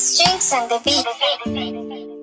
strings and the beat.